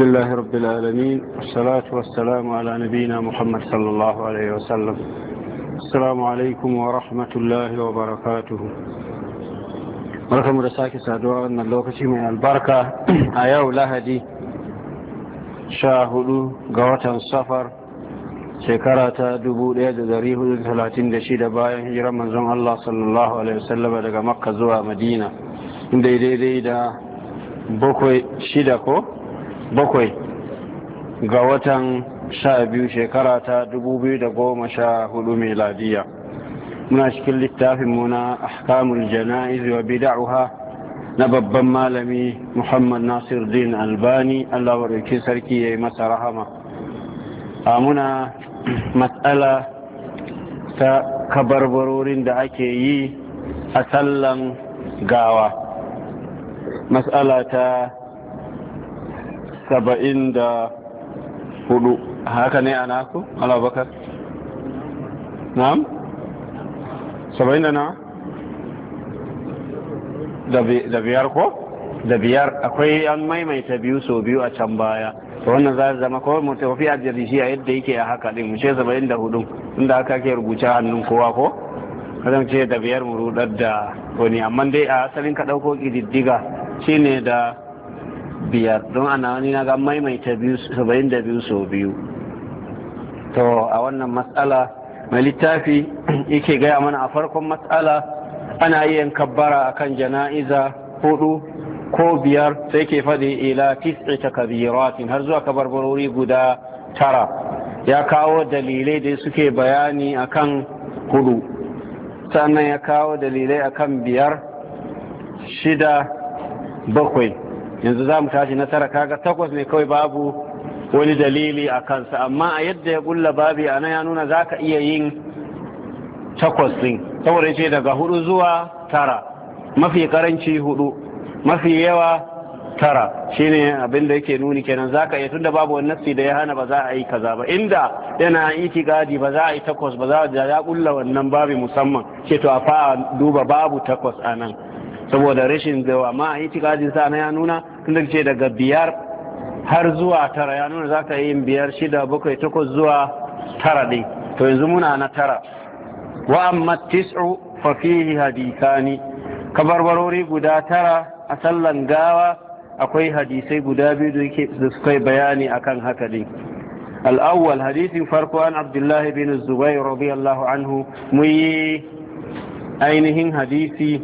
بسم الله رب العالمين والصلاة والسلام على نبينا محمد صلى الله عليه وسلم السلام عليكم ورحمة الله وبركاته barkamu da sake saduwa wannan lokaci mai albarka a yau lahadi sha hudu ga watan safar shekara ta shida, bayan hijirar manzon Allah sallallahu alaihi wasallam daga makka zuwa madina inda daidai da bakwai shida ko bakwai ga watan sha biyu shekara ta dubu biyu da goma sha hudu mai meladiya muna cikin littafin muna ahkamul jana'iz wa bida'uha na babban malami muhammad nasir din albani allah wadauki sarki ya yi masa rahama a muna matsala ta kabarbarorin da ake yi a sallan gawa matsala ta saba'in da hudu haka ne a naku alabakar na'am saba'in da na da biyar ko da biyar akwai an maimaita biyu so biyu a can baya to wannan za zama kawai mu a jirgi a yadda yake a haka din mace saba'in da hudu inda aka ke rubuce hannun kowa ko kadan ce da biyar mu rudar da wani amma dai a asalin ka ɗauko ƙididdiga shine da biyar don ana wani na ga maimaita saba'in da biyu sau biyu to a wannan matsala mai littafi yake gaya mana a farkon matsala ana yin kabbara akan jana'iza hudu ko biyar sai ke faɗi ila kabiru takabiratin har zuwa kabarbarori guda tara ya kawo dalilai da suke bayani akan hudu sannan ya kawo dalilai akan biyar shida bakwai yanzu za mu tashi nasara kaga takwas ne kawai babu wani dalili a kansa amma a yadda ya kulla babi a nan ya nuna za ka iya yin takwas ɗin saboda ce daga hudu zuwa tara mafi karanci hudu mafi yawa tara shine abin da yake nuni kenan za ka iya tunda babu wani nassi da ya hana ba za a yi kaza ba inda yana itikadi ba za a yi takwas ba za a ya kulla wannan babi musamman ce to a fa duba babu takwas a nan saboda rashin zaiwa ma a itikadin sa na ya nuna tun ce daga biyar har zuwa tara ya nuna za ka yi biyar shida bakwai takwas zuwa tara ɗin to yanzu muna na tara wa amma tis'u fa fihi hadithani kabarbarori guda tara a sallan gawa akwai hadisai guda biyu da yake da suka yi bayani akan haka din al-awwal hadisin farko an Abdullah bin Zubair radiyallahu anhu muyi ainihin hadisi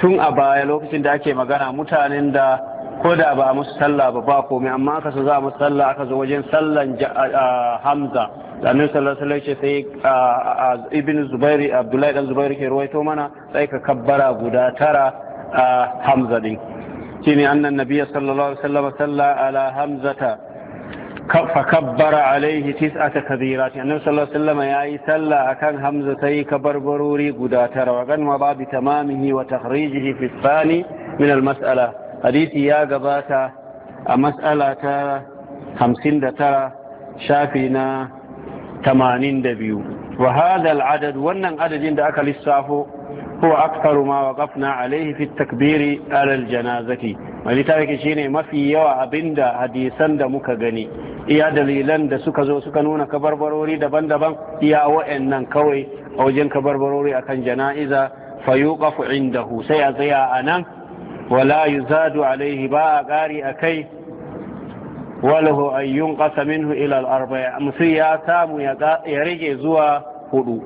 tun a baya lokacin da ake magana mutanen da ko da ba a musu sallah ba ba komai amma aka so za a musu sallah aka zo wajen sallan hamza da annabi sallallahu alaihi ce sai ibn zubairi abdullahi dan zubairi ke ruwaito mana sai ka kabbara guda tara a hamza din shine annan nabiyyi sallallahu alaihi wasallam salla ala hamzata fakabbara alaihi tis'a ta kabira ta annabi sallallahu alaihi wasallam yayi sallah akan hamza tai kabarbaruri guda tara wa ganwa babu tamamihi wa tahrijihi fi thani mas'ala hadisi ya gabata a mas'ala ta 59 shafi na 82 wa hadha al adad wannan adadin da aka lissafo huwa aktharu ma waqafna alaihi fi takbiri ala al janazati mai littafi shine mafi yawa abinda hadisan da muka gani iya dalilan da suka zo suka nuna kabarbarori daban-daban iya nan kawai a wajen kabarbarori akan jana'iza fayuqafu indahu sai a tsaya a nan wala yuzadu alaihi ba a ƙari a kai walahu an yunqasa minhu ila al-arba'a ya samu ya rage zuwa hudu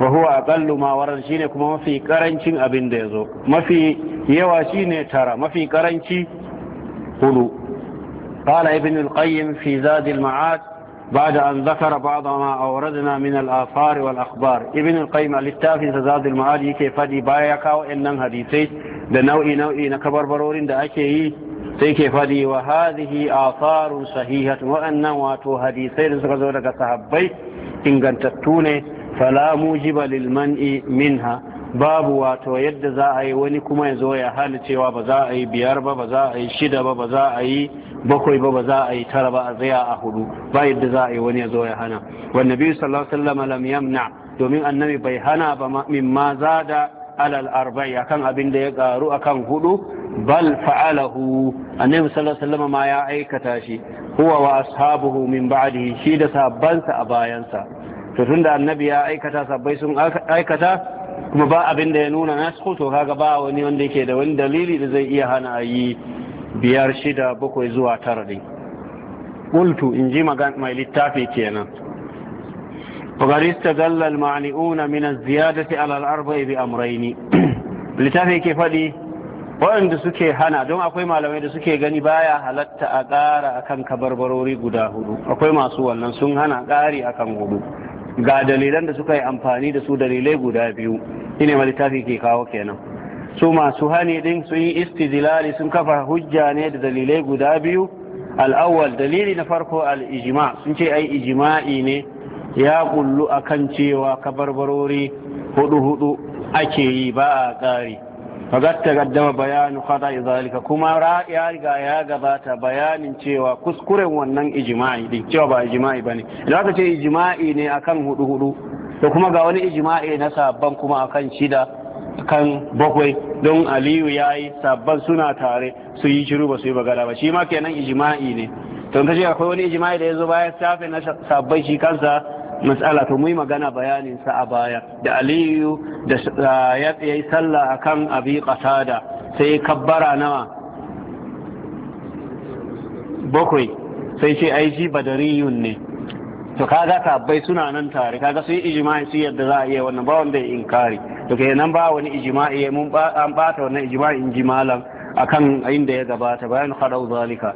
wa huwa aqallu ma warad shine kuma mafi karancin abin da yazo mafi yawa shine tara mafi karanci hudu قال ابن القيم في زاد المعاد بعد أن ذكر بعض ما أوردنا من الآثار والأخبار ابن القيم للتافي زاد المعاد يكي فدي بايكا وإنن حديثي da nau'i nau'i na kabarbarorin da ake yi sai ke fadi wa hadhihi atharun sahihat wa'annan wato hadisai da suka zo daga sahabbai ingantattu ne fala mujiba lil minha babu wato yadda za a yi wani kuma ya zo ya hali cewa ba za a yi biyar ba ba za a yi shida ba ba za a yi bakwai ba ba za a yi tara ba a tsaya a hudu ba yadda za a yi wani ya zo ya hana wanda biyu sallallahu alaihi wasallam yamna domin annabi bai hana ba mimma da alal arba'i akan abin da ya karu akan hudu bal fa'alahu annabi sallallahu alaihi wasallam ma ya aikata shi huwa wa ashabuhu min ba'dihi shi da sahabbansa a bayansa to tunda annabi ya aikata sabbai sun aikata kuma ba abin da ya nuna nasu to kaga ba wani wanda yake da wani dalili da zai iya hana a yi biyar shida bakwai zuwa tara din ƙultu in ji mai littafi kenan وقد استدل المعنئون من الزيادة على الأربع بأمرين littafi ke faɗi waɗanda suke hana don akwai malamai da suke gani baya halatta a ƙara akan kabarbarori guda hudu akwai masu wannan sun hana ƙari akan hudu ga dalilan da suka yi amfani da su dalilai guda biyu shine ma littafi ke kawo kenan su masu hani din sun yi istidlali sun kafa hujja ne da dalilai guda biyu al'awwal dalili na farko al'ijima sun ce ai ijima'i ne ya kullu akan cewa kabarbarori hudu hudu ake yi ba a ƙari فقد تقدم بيان خطأ ذلك كما رأي يرجع ya gabata bayanin cewa kuskuren wannan ijima'i din cewa ba ijima'i bane idan aka ce ijima'i ne akan hudu hudu to kuma ga wani ijima'i na sabban kuma akan shida kan bakwai don aliyu ya yi sabban suna tare su yi shiru ba su yi bagada ba shi ma kenan ijima'i ne to ta ce akwai wani ijima'i da ya zo bayan safe na sabban shi kansa matsala to mu yi magana bayanin sa a baya da aliyu da ya yi sallah akan abi qasada sai kabbara nawa bakwai sai ce ai ji badariyun ne to kaga tabbai suna nan tare kaga su yi ijma'i su yadda za a iya wannan ba wanda ya inkari to kenan ba wani ijma'i mun an bata wannan ijma'in jimalan akan inda ya gabata bayan kharau zalika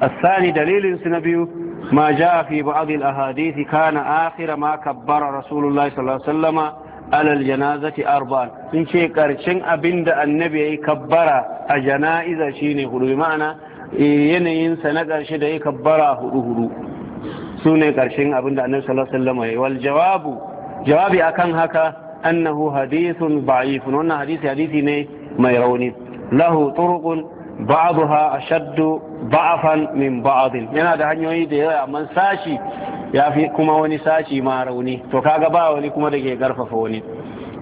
الثاني دليل سنبيو ما جاء في بعض الأحاديث كان آخر ما كبر رسول الله صلى الله عليه وسلم على الجنازة أربعا إن شيء كارشن أبند النبي كبر أجنائز شيني هدو بمعنى ينين سنة شدي كبر هدو هدو سوني كارشن أبند النبي صلى الله عليه وسلم والجواب جوابي أكن هكا أنه حديث ضعيف وأن حديث حديث ما يروني له طرق ba'dha ashadd ba'afan min ba'd yana da hanyoyi da yawa amma sashi ya fi kuma wani sashi ma rauni to kaga ba wani kuma da ke garfafa wani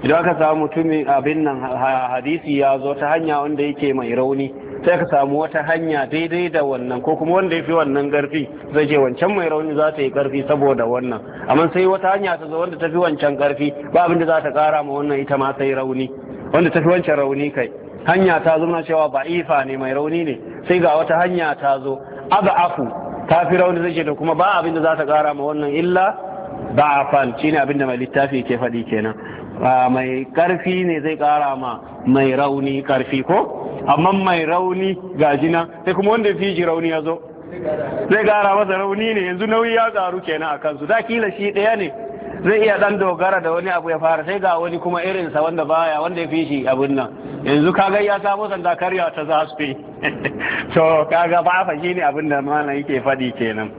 idan aka samu mutumin abin nan hadisi ya zo ta hanya wanda yake mai rauni sai ka samu wata hanya daidai da wannan ko kuma wanda ya fi wannan garfi zai je wancan mai rauni za ta yi karfi saboda wannan amma sai wata hanya ta zo wanda ta fi wancan karfi ba abin da za ta kara ma wannan ita ma sai rauni wanda ta fi wancan rauni kai hanya ta zo na cewa ifa ne mai rauni ne sai ga wata hanya ta zo afu ta fi rauni zai ce da kuma ba abin da za ta kara ma wannan illa ba a shi shine abin da mai littafi ke faɗi kenan mai karfi ne zai kara ma mai rauni karfi ko amma mai rauni ga jina sai kuma wanda fi ji rauni ya zo zai kara masa rauni ne yanzu nauyi ya karu kenan a kansu da kila shi ɗaya ne zai iya dan dogara da wani abu ya fara sai ga wani kuma irinsa wanda baya wanda ya fi shi abin nan yanzu kaga ya samu sanda karya ta za su zaspe to kaga ba fa shine abin da mana yake faɗi kenan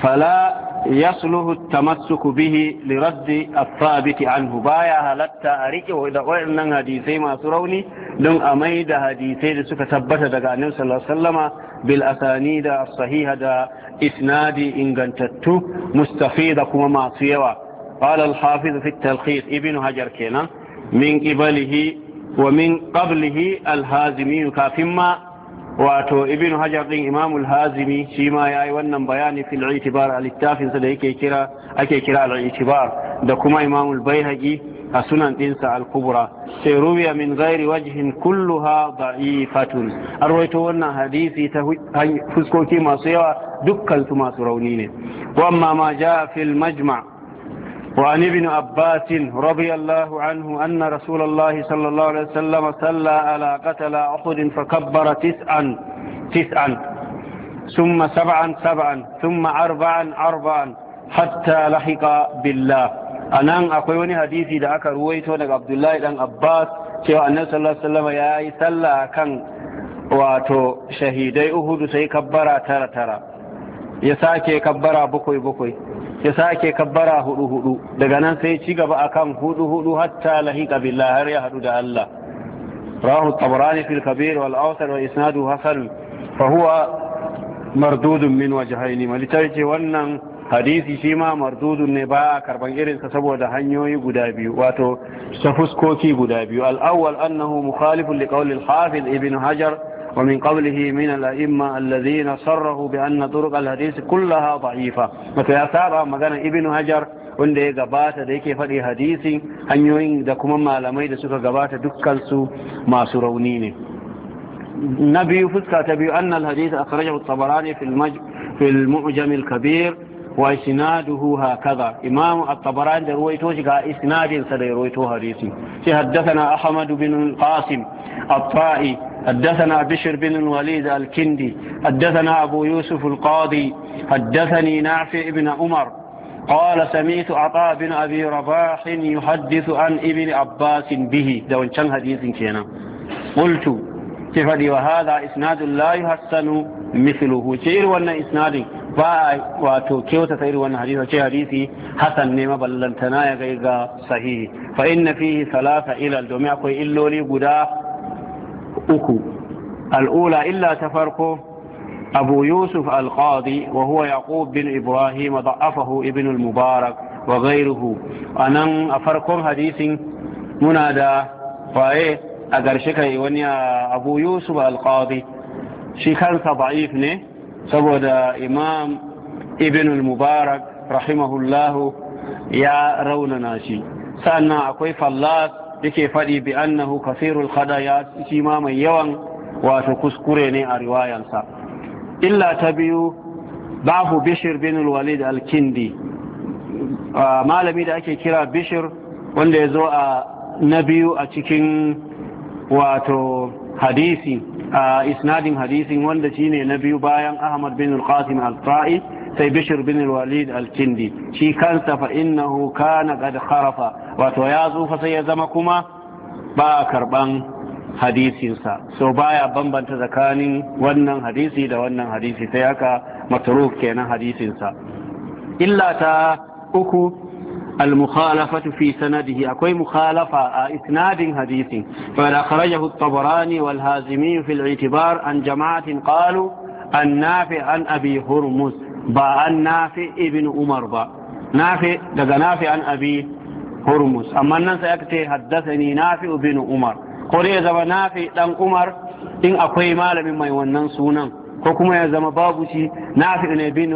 fala يصلح التمسك به لرد الثابت عنه بايا هلتا أريك وإذا قلنا هديثي ما سروني دون أميد هديثي لسك ثبت دقاء النبي صلى الله عليه وسلم بالأسانيد الصحيحة دا إسناد إن قنتت مستفيدة كما ما سيوا قال الحافظ في التلخيص ابن هجر كينا من قبله ومن قبله الهازمي كافما wato ibn hajar din imamul hazimi shi ma yayi wannan bayani fil itibar a littafinsa da yake kira ake kira al itibar da kuma imamul baihaqi a sunan dinsa al kubra sai ruwiya min ghairi wajhin kulluha da'ifatun arwaito wannan hadisi ta fuskoki masu yawa dukkan su masu rauni ne wa amma ma jaa fil majma' وعن ابن عباس رضي الله عنه أن رسول الله صلى الله عليه وسلم صلى على قتل أحد فكبر تسعا تسعا ثم سبعا سبعا ثم أربعا أربعا حتى لحق بالله أنا أقول حديثي دا أكا رويتو عبد الله بن عباس cewa annabi sallallahu alaihi wasallam ya yi sallah kan wato shahidai uhudu sai kabbara tara tara ya sake kabbara bakwai bakwai ya sake kabbara hudu hudu daga nan sai ci gaba akan hudu hudu hatta lahiqa billah har ya hadu da Allah rahu tabarani fil kabir wal awsar wa isnadu hasan fa huwa mardudun min wajhayn malitai wannan hadisi shi ma mardudun ne ba a karban irinsa saboda hanyoyi guda biyu wato ta fuskoki guda biyu al-awwal annahu mukhalifun li qawli al-hafiz ibn hajar ومن قوله من الأئمة الذين صرفوا بأن طرق الحديث كلها ضعيفة مثل أثارها مغانا ابن هجر wanda ya gabata da yake faɗi hadisi hanyoyin da kuma malamai da suka gabata dukkansu masu rauni ne na biyu fuska ta biyu annal hadisi akhrajahu tabarani fil mu'jam al kabir وإسناده هكذا إمام الطبراني رويته شكا إسناد سدي رويته حديثي حدثنا أحمد بن القاسم الطائي حدثنا بشر بن الوليد الكندي حدثنا أبو يوسف القاضي حدثني نافع بن عمر قال سميت عطاء بن أبي رباح يحدث عن ابن عباس به دون كان حديث كينا قلت كيف وهذا إسناد لا يحسن مثله شير وأن إسناد ba wato kyauta ta irin wannan hadisi ce hadisi hasan ne na ya kai ga sahihi fa inna fihi salasa ilal domin akwai illoli guda uku al'ula illa ta farko abu yusuf al-qadi wa huwa yaqub bin ibrahim da'afahu ibn al-mubarak wa ghayruhu anan a farkon hadisin muna da waye a garshe kai wani abu yusuf al shi kansa da'if ne saboda imam ibn al-mubarak rahimahullahu ya raunana shi sannan akwai fallas yake faɗi bi annahu kasirul khada ya shi ma mai yawan wato kuskure ne a riwayansa illa ta biyu babu bishir bin walid al-kindi malami da ake kira bishir wanda ya zo a na biyu a cikin wato hadisi a isnadin hadisin wanda shine na biyu bayan ahmad bin al-qasim al-fa'i sai bishir bin walid al-kindi shi kansa fa innahu kana wato ya tsufa sai ya zama kuma ba karɓan hadisinsa so baya bambanta tsakanin wannan hadisi da wannan hadisi sai haka matruk kenan hadisinsa illata uku المخالفة في سنده أكوي مخالفة آه، إسناد حديث فإذا خرجه الطبراني والهازمي في الاعتبار عن جماعة قالوا النافع عن أبي هرمز با النافع ابن عمر با نافع دقى نافع عن أبي هرمز أما أنه سيكتي حدثني نافع بن عمر قولي إذا نافع عن عمر إن أكوي مال مما يونن سونان ko kuma ya zama babu shi na fi ne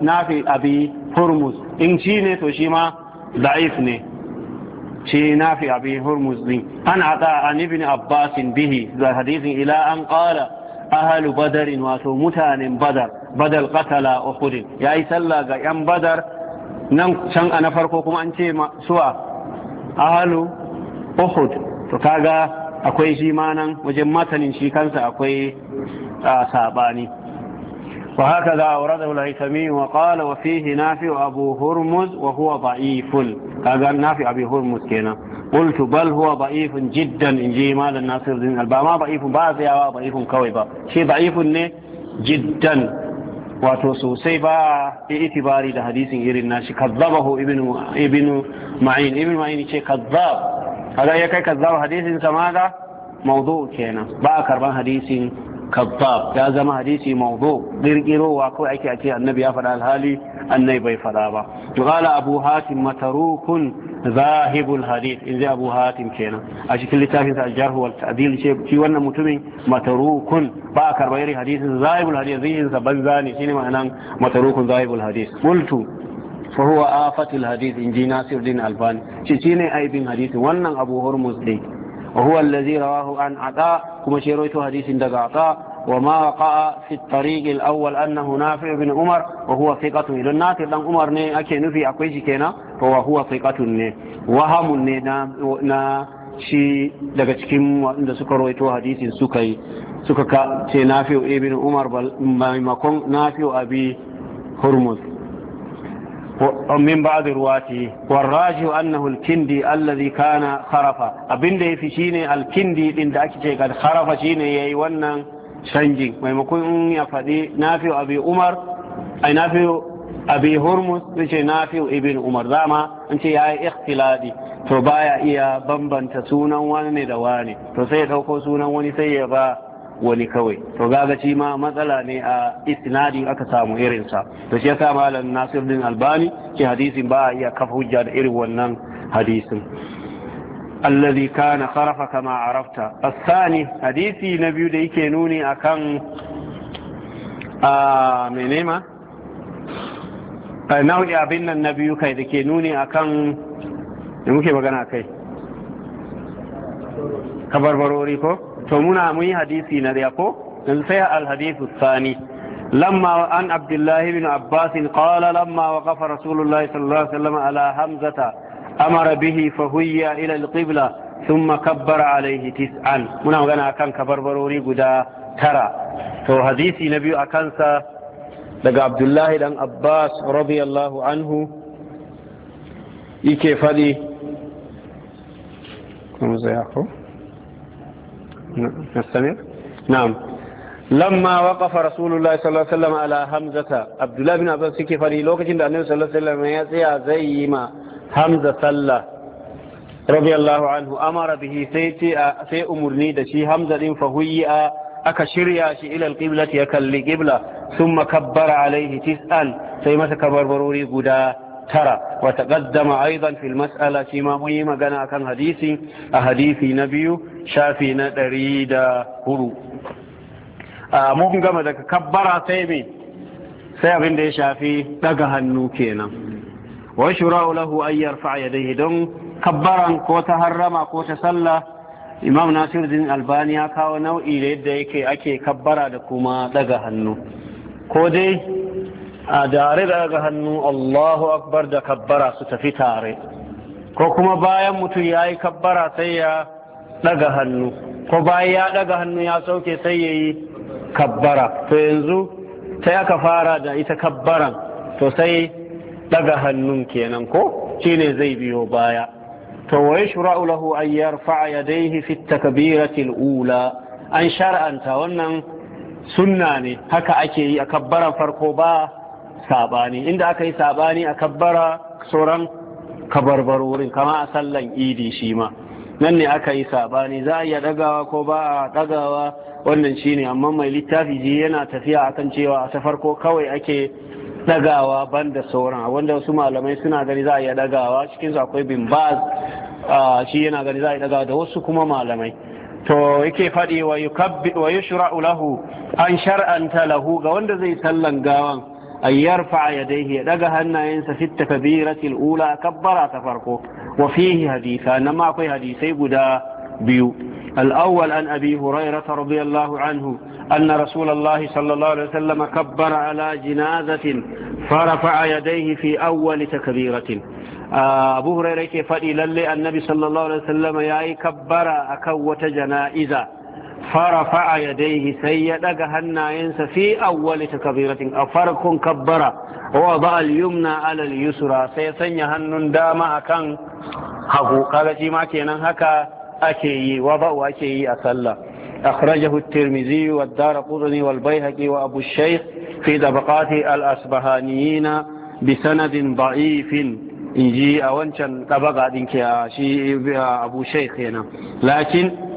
na fi abi hurmus in shi ne to shi ma da'if ne shi fi abi hurmus din an ata an ibn abbas bihi da hadisin ila an qala halu badar wato mutanen badar badal qatala uhud yi sallah ga yan badar nan can a na farko kuma an ce suwa ahlu uhud to kaga akwai shi ma nan wajen matanin shi kansa akwai saɓani وهكذا أورده الهيثمي وقال وفيه نافع أبو هرمز وهو ضعيف قال نافع أبي هرمز كنا قلت بل هو ضعيف جدا إن جي الناصر الدين البا ما ضعيف بعض يا ضعيف كويبا شيء ضعيف جدا wato sosai ba ya itibari da hadisin irin nashi kazzabahu ibnu ibnu ma'in ibnu ma'in ce kazzab kaga ya kai kazzab hadisin sa ma da kenan ba a karban hadisin Kabbab ya zama hadisi mawdu dirgirowa ko ake ake annabi ya faɗa alhali annai bai faɗa ba to qala abu hatim matarukun zahibul hadith in zai abu hatim kenan a cikin littafin sa jarh wal ta'dil ce shi wannan mutumin matarukun ba a karba irin hadisin zahibul hadith zihin sa banza ne shine ma'anan matarukun zahibul hadith qultu فهو آفة الحديث إن in ji الدين الباني شي شيني أي بن حديث ونن أبو هرمز وهو الذي رواه عن عطاء كما شيرويت حديث عند عطاء وما وقع في الطريق الاول انه نافع بن عمر وهو ثقه إلى الناس بن عمر ني اكي نفي أكويش كينا هو ثقه ني وهم ني نا shi daga cikin waɗanda suka rawaito hadisin suka yi suka ce nafi'u ibn umar maimakon nafi'u abi hurmuz min ba'd ruwati warraju annahu al-kindi alladhi kana kharafa abinda yafi shine al-kindi din da ake ce kad kharafa shine yayi wannan canji maimakon in ya faɗi nafi abi umar ai nafi abi hurmus ce nafi ibn umar zama an ce yayi ikhtiladi to baya iya bambanta sunan wani da wani to sai ya dauko sunan wani sai ya ba wani kawai to gaga shi ma matsala ne a isnadin aka samu irinsa to shi yasa malam nasir din albani ke hadisin ba a iya kafa hujja da irin wannan hadisin alladhi kana kharafa kama arafta asani hadisi na biyu da yake nuni akan a menema nau'i abin nan na biyu kai da ke nuni akan da muke magana kai kabarbarori ko to muna mun yi hadisi na riya ko in sai alhadisu sani lamma an abdullahi bin abbas qala lamma waqafa rasulullahi sallallahu alaihi wasallam ala hamzata amara bihi fa huyya ila alqibla thumma kabbara alaihi tis'an muna magana akan kabarbarori guda tara to hadisi na biyu akan sa daga abdullahi dan abbas radiyallahu anhu yake fadi kuma zai نستمع نعم لما وقف رسول الله صلى الله عليه وسلم على همزة عبد الله بن عباس كيف لوكة النبي صلى الله عليه وسلم يا زي ما همزة صلى رضي الله عنه أمر به سيتي في أمرني دشي همزة فهي aka shirya shi ilal qiblati ya kalli qibla thumma kabbara alaihi tis'an sai masa kabarbarori guda Tara wata ترى وتقدم magana في hadisi a hadisi na biyu حديثي na ɗari da نتريد هرو mun gama daga kabbara sai me sai abin da ya shafi daga hannu kenan wa shura'u lahu an yarfa yadayhi don kabbaran ko ta harrama ko ta sallah imam din albani ya kawo nau'i da yadda yake ake kabbara da kuma daga hannu ko dai a dare da ga hannu Allahu akbar da kabbara su tafi tare ko kuma bayan mutum ya yi kabbara sai ya ɗaga hannu ko bayan ya ɗaga hannu ya sauke sai ya yi kabbara to yanzu sai aka fara da ita kabbaran to sai ɗaga hannun kenan ko shine zai biyo baya to wai shura'u lahu an ya yadayhi fi takbirati ula an shar'anta wannan sunna ne haka ake yi a kabbaran farko ba sabani inda aka yi sabani a kabbara sauran kabarbarorin kama a sallan idi shi ma nan ne aka yi sabani za a iya dagawa ko ba a dagawa wannan shi ne, amma mai littafi ji yana tafiya a kan cewa ta farko kawai ake dagawa banda sauran wanda wasu malamai suna gani za a iya dagawa cikin su akwai bin baz shi yana gani za a iya dagawa da wasu kuma malamai to yake faɗi wa yushra'u lahu an shar'anta lahu ga wanda zai sallan gawan أن يرفع يديه لقى أن في التكبيرة الأولى كبر تفرقه وفيه حديث أنما في حديثي بدا بيو الأول أن أبي هريرة رضي الله عنه أن رسول الله صلى الله عليه وسلم كبر على جنازة فرفع يديه في أول تكبيرة آه، أبو هريرة فإلى النبي صلى الله عليه وسلم يأي كبر أكوة جنائزة فرفع يديه سيد جهنا ينسى في أول تكبيرة أفرق كبرة ووضع اليمنى على اليسرى سيسن يهن داما أكن هفو قال شيما كينا هكا أكي وضع أكي أسلا أخرجه الترمذي والدار قرني والبيهقي وأبو الشيخ في دبقات الأسبهانيين بسند ضعيف إن جي أونشا طبقة دينك أبو شيخ هنا لكن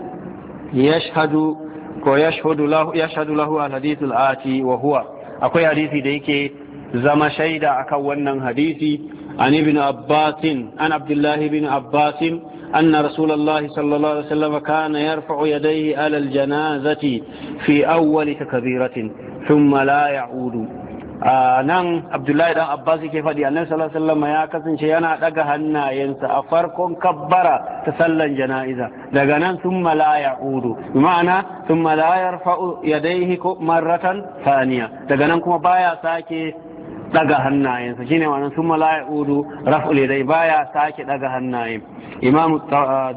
yashhadu ko lahu yashhadu lahu al hadith al ati wa akwai hadisi da yake zama shaida akan wannan hadisi an bin abbas an abdullah ibn abbas anna rasulullahi sallallahu alaihi wasallam kana yarfa'u yadayhi ala al janazati fi awwal kabiratin thumma la ya'udu A nan abdullahi dan abbas yake faɗi annabi sallallahu alaihi wasallam ya kasance yana ɗaga hannayensa a farkon kabbara ta sallan jana'iza daga nan thumma la ya'udu ma'ana thumma la yarfa'u yadayhi marratan thaniya daga nan kuma baya sake daga hannayensa shine wannan thumma la ya'udu raf'u yadayhi baya sake daga hannaye imamu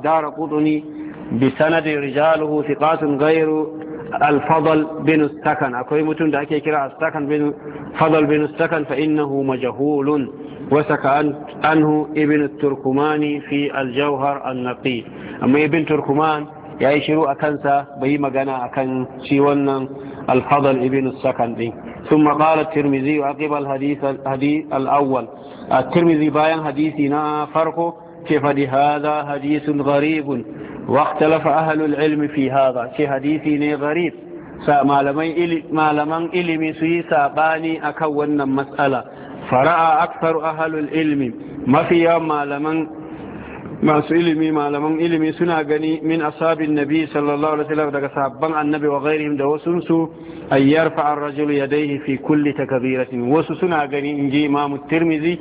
daraqutuni bi sanadi rijaluhu thiqatun ghayru al-fadl bin akwai mutum da ake kira sakan bin fadl bin sakan fa innahu majhulun wa saka anhu ibn turkumani fi al-jawhar an-naqi amma ibn turkuman yayi shiru a kansa bai yi magana akan shi wannan al-fadl ibn sakan din a قال الترمذي عقب الحديث الحديث bayan hadisi na farko فرقه كيف hada حديث غريب واختلف أهل العلم في هذا شي حديثي غريب malaman ilimi su yi saɓani a kan wannan matsala fara'a aksar ahalul ilmi mafi yawan masu ilimi malaman ilimi suna gani min asabin nabi sallallahu alaihi daga sabban annabi wa ghairihim da wasu su ayyar fa'ar rajul yadayhi fi kulli takbiratin wasu suna gani inji imam tirmizi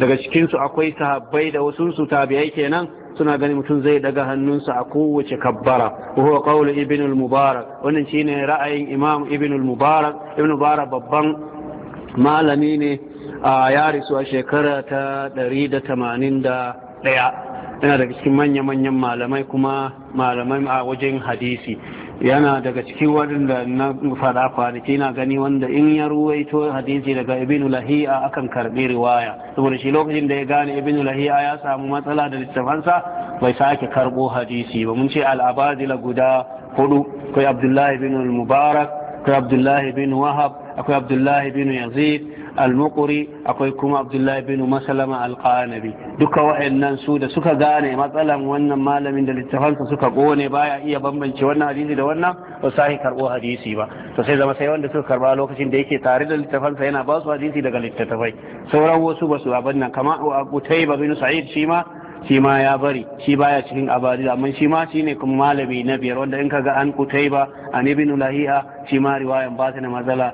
daga cikinsu akwai sahabbai da wasu tabi'ai kenan suna gani mutum zai daga hannunsa a kowace kabbara wa huwa qawlu ibn mubarak wannan shine ra'ayin imam ibn mubarak ibn mubarak babban malami ne a yarisu a shekara ta 181 yana daga cikin manya-manyan malamai kuma malamai a wajen hadisi yana daga cikin waɗanda na faɗa kwanaki na gani wanda in ya ruwaito hadisi daga ibn lahiya akan karɓi riwaya saboda shi lokacin da ya gane ibn lahiya ya samu matsala da littafansa bai sake karɓo hadisi ba mun ce al'abadila guda hudu kai abdullahi bin mubarak akwai abdullahi bin wahab akwai abdullahi bin yazid al akwai kuma abdullahi bin masalama al duka wa'annan su da suka gane matsalan wannan malamin da littafansa suka gone baya iya bambance wannan hadisi da wannan ba sai karbo hadisi ba to sai zama sai wanda suka karba lokacin da yake tare da littafansa yana ba su hadisi daga littattafai sauran wasu ba su abin nan kamar Utayba bin Sa'id shi ma shi ma ya bari shi baya cikin abadi amma shi ma shine kuma malami na biyar wanda in kaga an ba an ibn lahiya shi ma riwayan ba ta da kutai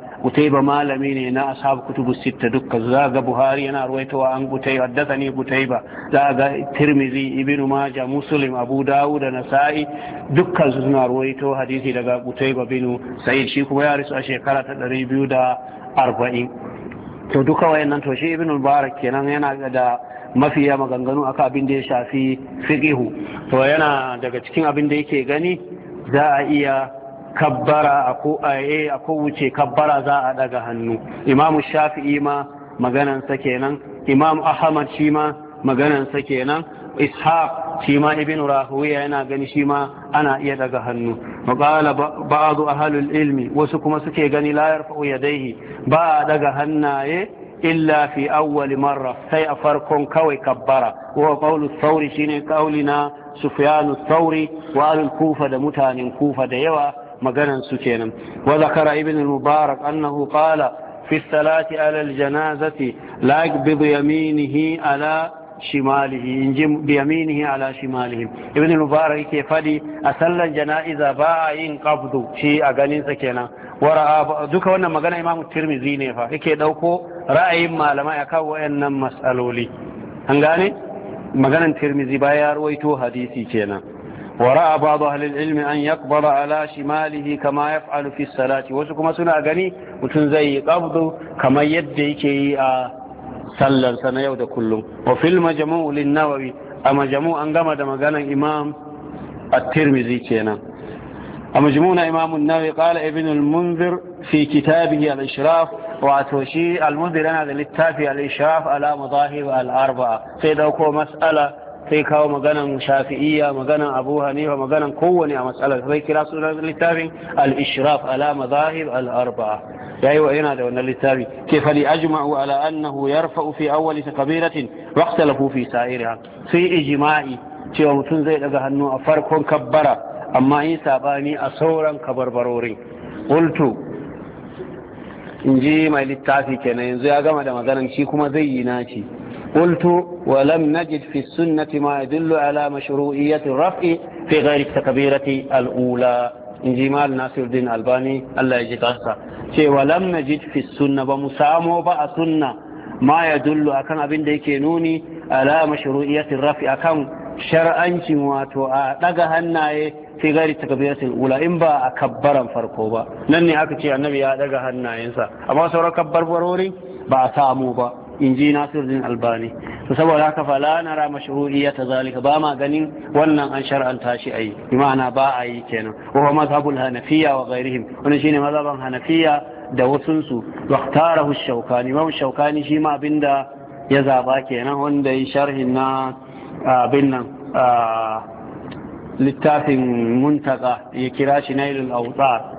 kutaiba malami ne na ashab kutubu sitta dukkan za ga buhari yana ruwaitowa an kutai kutai kutaiba za ga tirmizi ibinu maja muslim abu dawud da nasa'i dukkan su suna ruwaito hadisi daga kutaiba binu sa'id shi kuma ya rasu a shekara ta 240 to duka wayannan to shi ibn mubarak kenan yana da mafiya maganganu aka abin da ya shafi fiqihu to yana daga cikin abin da yake gani za a iya kabbara a ko eh, wuce kabbara za a daga hannu imam shafi'i ma maganan sa kenan imam ahmad shi ma maganan sa kenan ishaq shi ma ibn rahuwiya yana gani shi ma ana iya daga hannu maqala ba'du ahlul ilmi wasu kuma suke gani la yarfa'u yadayhi ba daga hannaye illa fi awwal marra sai a farkon kawai kabbara wa qawlu thawri shine qawlina sufyanu thawri wa al kufa da mutanen kufa da yawa maganan su kenan wa zakara ibn mubarak annahu qala fi salati ala al janazati la yakbidu yaminihi ala shimalihi in ji biyaminihi ala shimalihi ibn mubarak yake fadi a sallan jana'iza ba a yin qabdu shi a ganinsa kenan wara duka wannan magana imamu tirmizi ne fa yake dauko ra'ayin malamai akan wayannan mas'aloli an gane maganan tirmizi ba ya ruwaito hadisi kenan وراى بعض اهل العلم ان يقبض على شماله كما يفعل في الصلاه wasu kuma suna gani mutum zai kabdu kamar yadda yake yi a sallarsa na yau da kullum wa fil majmu' nawawi a majmu' an gama da maganan imam at-tirmidhi kenan a majmu' na imam an-nawawi qala ibn al-munzir fi kitabihi al-ishraf wa atoshi al-munzir yana da littafi al-ishraf ala madahib al-arba'a sai dauko mas'ala sai kawo maganan shafi'iyya maganan abu hanifa maganan kowane a matsalar sai kira sunan littafin al-ishraf ala mazahib al-arba'a yayi wa yana da wannan littafi ke fali ajma'u ala annahu yarfa'u fi awwal takbiratin wa ikhtalafu fi sa'iriha sai ijma'i cewa mutum zai daga hannu a farkon kabbara amma in sabani a sauran kabarbarorin qultu in ji mai littafi kenan yanzu ya gama da maganan shi kuma zai yi naci قلت ولم نجد في السنة rafi يدل على مشروعية الرفع في غير التكبيرة الأولى injimal nasiruddin albani Allah ya ji kansa cewa lam najid fi sunna ba mu samo ba a sunna ma ya dullu akan abin da yake nuni ala mashru'iyatir rafi akan shar'ancin wato a daga hannaye fi gari takbiratul ula in ba a kabbaran farko ba nan ne aka ce annabi ya daga hannayensa amma sauran kabbarbarori ba a samo ba in ji nasiruddin albani to saboda haka fa la nara ta zalika ba ma ganin wannan an shar'anta shi ayi bi ma'ana ba a yi kenan wa huwa mazhabul hanafiya wa ghairihim wannan shine mazhaban hanafiya da wasunsu su waqtarahu shaukani imam shaukani shi ma abinda ya zaba kenan wanda yi sharhin na abin nan littafin muntaka ya kira shi nailul awsar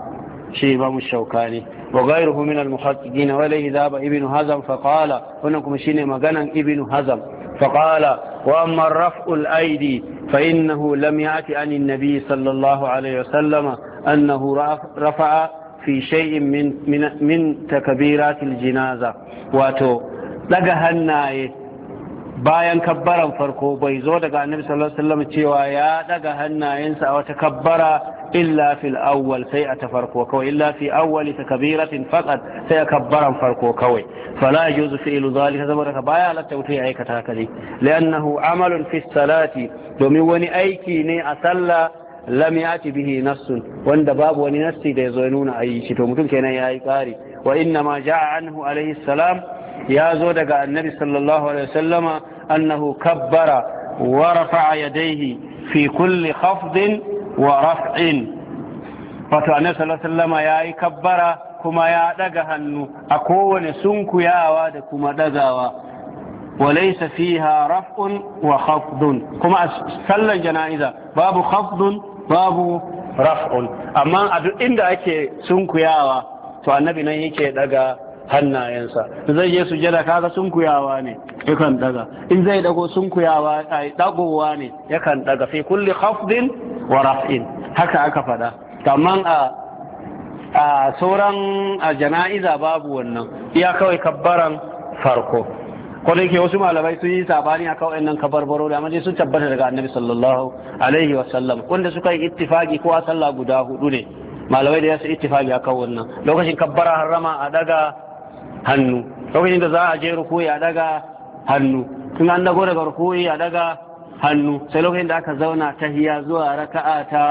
شيء إمام الشوكاني وغيره من المحققين وليه ذاب ابن هزم فقال هناكم شيء مغنى ابن هزم فقال وأما رفع الأيدي فإنه لم يأتي عن النبي صلى الله عليه وسلم أنه رفع في شيء من من من تكبيرات الجنازة واتو لقى هنايه bayan kabbaran farko bai zo daga annabi sallallahu alaihi cewa ya daga hannayensa a wata kabbara illa fil awwal sai a ta farko kawai illa fi awwali takbiratin faqat sai a kabbaran farko kawai fala yajuzu fi'lu zalika zama ka baya halatta mutum ya aikata haka ne li'annahu amalun fi salati domin wani aiki ne a sallah lam yati bihi nassun wanda babu wani nassi da ya zo nuna ayi shi to mutum kenan ya yi kari wa inna ma ja'a anhu alaihi salam ya zo daga annabi sallallahu alaihi wasallama annahu kabbara wa rafa'a yadayhi fi kulli khafdin wa raf'in wato annabi sallallahu alaihi wasallama yayi kabbara kuma ya daga hannu a kowane sunkuyawa da kuma dagawa raf'un wa khafdun kuma كما jana'iza babu khafdun babu raf'un amma a duk inda ake sunkuyawa to annabi nan yake daga hannayensa zai je sujada kaga sunkuyawa ne yakan daga in zai dago kuyawa ai dagowa ne yakan daga fi kulli khafdin wa raf'in haka aka fada kaman a a sauran a jana'iza babu wannan iya kawai kabbaran farko ko da yake wasu malamai sun yi sabani a kawai nan baro da amma sun tabbata daga annabi sallallahu alaihi wa sallam wanda suka yi ittifaki ko a sallah guda hudu ne malamai da ya su ittifaki kawai wannan lokacin kabbara harama a daga hannu kawai inda za a je rukuyi a daga hannu tun an dago daga rukuyi a daga hannu sai lokacin da aka zauna ta tahiya zuwa raka'a ta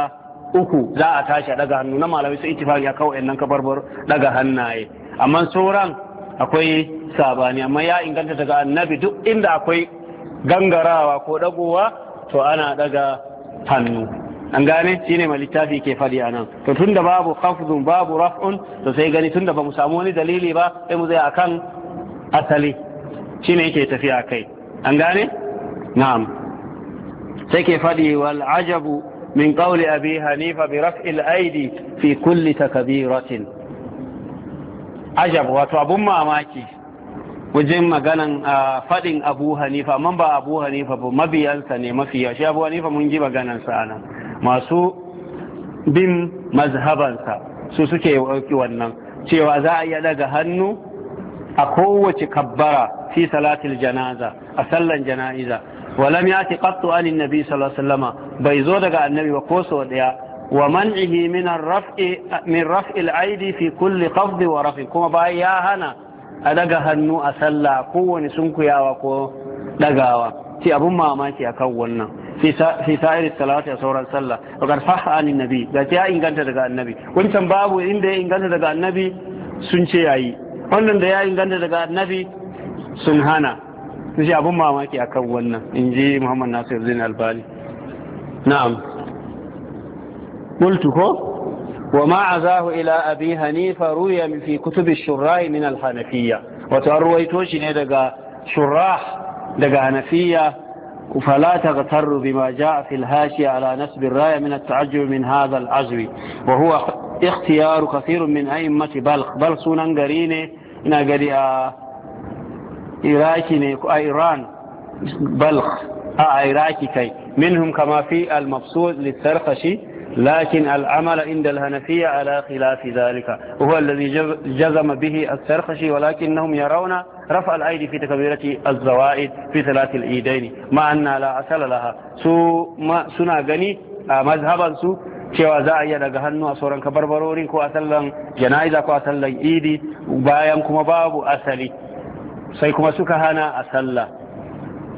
uku za a tashi a daga hannu na malamai su ittifaqi ya kawo nan barbar daga hannaye amma sauran akwai sabani amma ya inganta daga annabi duk inda akwai gangarawa ko dagowa to ana daga hannu an gane shine ma littafi ke fadi anan to da babu khafdun babu raf'un to sai gani tunda ba mu samu wani dalili ba sai mu zai akan asali shine yake tafiya kai an gane na'am sai ke fadi wal ajabu min qawli abi hanifa bi raf'il aidi fi kulli takbiratin Ajabu, wato abun mamaki wajen maganan fadin abu hanifa man ba abu hanifa ba mabiyansa ne mafi yashi abu hanifa mun ji maganansa anan masu bin mazhabansa su suke yi wannan cewa za a iya daga hannu a kowace kabbara fi salatil janaza a sallan jana'iza walam ya ti qattu an annabi bai zo daga annabi ba ko sau ɗaya. wa man'ihi min raf'i raf'il aidi fi kulli qabdi wa raf'i kuma ba ya hana a daga hannu a sallah kowane sunkuyawa ko dagawa ce abun mamaki a kan wannan fi sa'ir salatu ya sauran sallah wa garfaha an nabi ga ya inganta daga annabi wancan babu inda ya inganta daga annabi sun ce ya yi, wannan da ya inganta daga annabi sun hana shi abun mamaki a kan wannan in ji muhammad nasir zin albani na'am qultu ko وما عزاه إلى أبي هنيفة روي في كتب Wata من الحنفية ne daga شراح daga فلا تغتر بما جاء في الهاشية على نسب الراية من التعجب من هذا العزو وهو اختيار كثير من أئمة بلخ بلخ سنان قرينة إنا قري آه، إيراكي آه، إيران بلخ آه إيراكي كي منهم كما في المبسوط للسرخشي لكن العمل عند الهنفية على خلاف ذلك وهو الذي جزم به السرخشي ولكنهم يرون رفع الأيدي في تكبيرة الزوائد في ثلاث الإيدين مع أن لا أصل لها سو ما سنا غني مذهبا سو cewa za a iya daga hannu a sauran kabarbarorin ko a sallan jana'iza ko a sallan idi bayan kuma babu asali sai kuma suka hana a sallah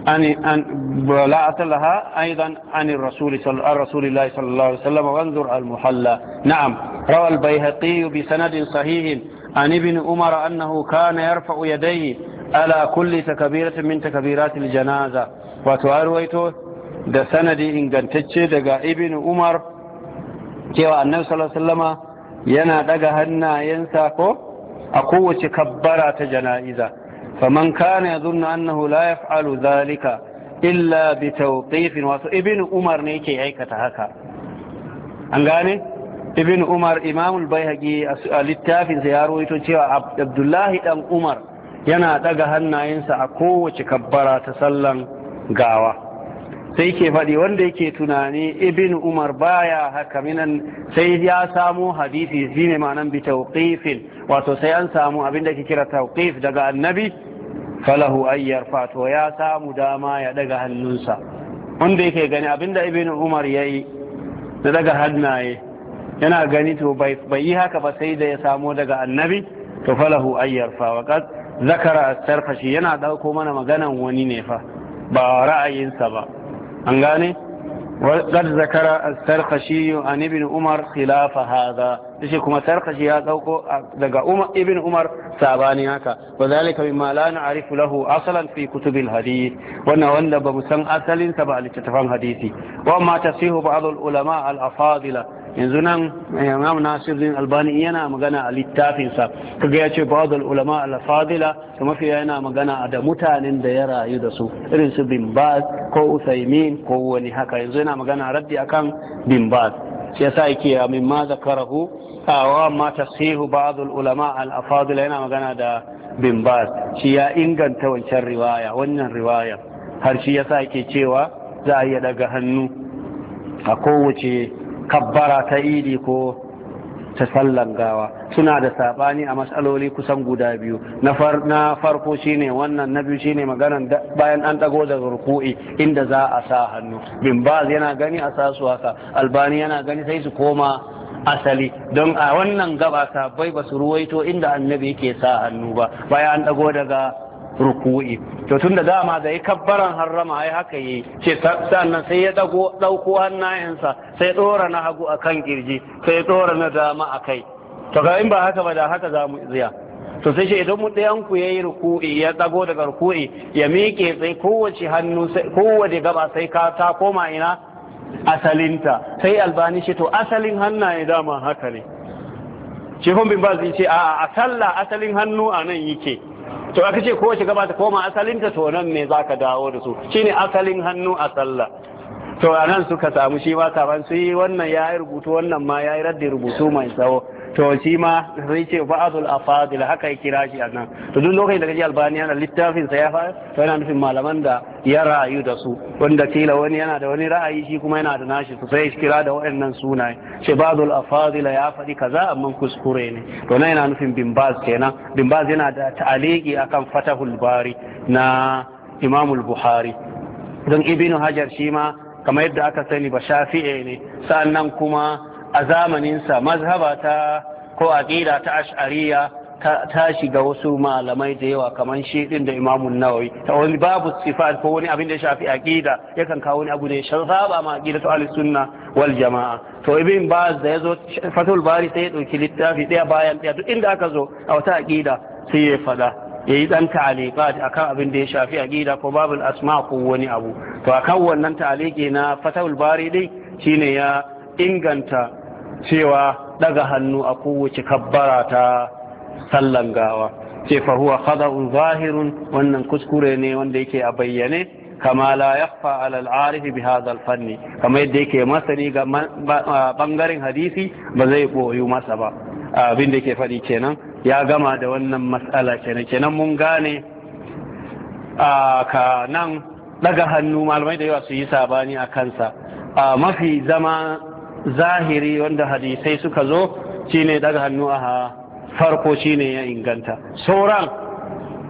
عن عن ولا أصلها أيضا عن الرسول صلى الرسول الله صلى الله عليه وسلم وانظر المحلى نعم روى البيهقي بسند صحيح عن ابن عمر أنه كان يرفع يديه على كل تكبيرة من تكبيرات الجنازة وتعرويته ده سند إن قنتج دقى ابن عمر كيوا النبي صلى الله عليه وسلم ينا دقى هنا ينساكو أقوة كبرة جنائزة faman kana yadhunnu annahu la yaf'alu dhalika illa bi tawqifin wasu ibn umar ne ke aikata haka an gane ibn umar imamul baihaqi a littafinsa ya rawaito cewa abdullahi Ɗan umar yana ɗaga hannayensa a kowace kabbara ta sallan gawa sai ke faɗi wanda yake tunani Ibin umar baya haka minan sai ya samo hadisi shine ma'anan bi tawqifin wato sai an samu abin da ke kira tawqif daga annabi falahu ayyar fato ya samu dama ya daga hannunsa wanda yake gani abinda ibn umar ya yi da daga hannaye yana gani to bai yi haka ba sai da ya samo daga annabi to falahu ayyar fa waqad zakara sarfashi yana dauko mana maganan wani ne fa ba ra'ayinsa ba an gane وقد ذكر السرقشي عن ابن عمر خلاف هذا شيء كما سرقشي هذا دقا ابن عمر ساباني هكا وذلك مما لا نعرف له اصلا في كتب الحديث وانا وانا بمسان اصل تبع لتتفهم حديثي وما تصيح بعض العلماء الافاضلة yanzu nan imam nasiruddin albani yana magana a littafinsa kaga ya ce ba'adul ulama al-fadila da mafiya yana magana da mutanen da ya rayu da su irin su bin baz ko usaimin ko wani haka yanzu yana magana raddi akan bin baz shi yasa yake min ma zakarahu awa ma tasihu ba'd ulama al afadil yana magana da bin baz shi ya inganta wancan riwaya wannan riwaya har shi yasa yake cewa za a iya daga hannu a kowace kabbara ta idi ko ta sallan gawa suna da saɓani a matsaloli kusan guda biyu na farko shine wannan na biyu shine maganan bayan an dago daga ruku'i inda za a sa hannu bin baz yana gani a sa su haka albani yana gani sai su koma asali don a wannan gaba sabai ba su ruwaito inda annabi yake sa hannu ba bayan an dago daga ruku'i to tun da dama da ya kabbaran harrama ai haka yi ce sannan sai ya dago dauko hannayensa sai dora na hagu akan kirji sai dora na dama akai to ga in ba haka ba da haka za mu iya. to sai shi idan mu ɗayan ku yayi ruku'i ya dago daga ruku'i ya miƙe sai kowace hannu sai kowace gaba sai ka ta koma ina asalinta sai albani shi to asalin hannaye dama haka ne shehun bin baz ce a a sallah asalin hannu a nan yake to aka ce kowace gaba ta koma asalin to nan me za ka dawo da su shine asalin hannu a sallah to a nan suka samu shi ta kaban su yi wannan ya yi rubutu wannan ma ya yi raddi rubutu mai tsawo to shi ma sai ce ba'azul afadil haka ya kira shi a nan to duk lokacin da kaji albaniya da littafin sa ya fa to yana nufin malaman da ya ra'ayu da su wanda kila wani yana da wani ra'ayi shi kuma yana da nashi to sai shi kira da waɗannan sunaye ce ba'adul afadil ya faɗi kaza amma kuskure ne to nan yana nufin bimbaz kenan Bimbaz yana da ta'aliki akan fatahul bari na imamul buhari don ibnu hajar shi ma kamar yadda aka sani ba shafi'e ne sa'annan kuma a zamaninsa mazhaba ta ko aqida ta ash'ariya ta shiga wasu malamai da yawa kamar shi din da imamun nawawi ta wani babu sifat ko wani abin da ya shafi aqida yakan kawo wani abu ne sharhaba ma aqida ta ahlus sunna wal jamaa to ibn baz da yazo fatul bari sai ya dauki littafi daya bayan daya duk inda aka zo a wata aqida sai ya fada yayi dan ta'aliqat akan abin da ya shafi aqida ko babul asma ko wani abu to akan wannan ta'aliki na fatul bari dai shine ya inganta cewa daga hannu a kowace kabbara ta sallan gawa ce fahuwa khada'un zahirun wannan kuskure ne wanda yake a bayyane kama la yakhfa ala arifi bi hadha fanni kamar yadda yake masani ga bangaren hadisi ba zai boyu masa ba abin da yake faɗi kenan ya gama da wannan matsala kenan kenan mun gane ka nan daga hannu malamai da yawa su yi sabani a kansa mafi zama zahiri wanda hadisai suka zo shine daga hannu a farko shine ya inganta sauran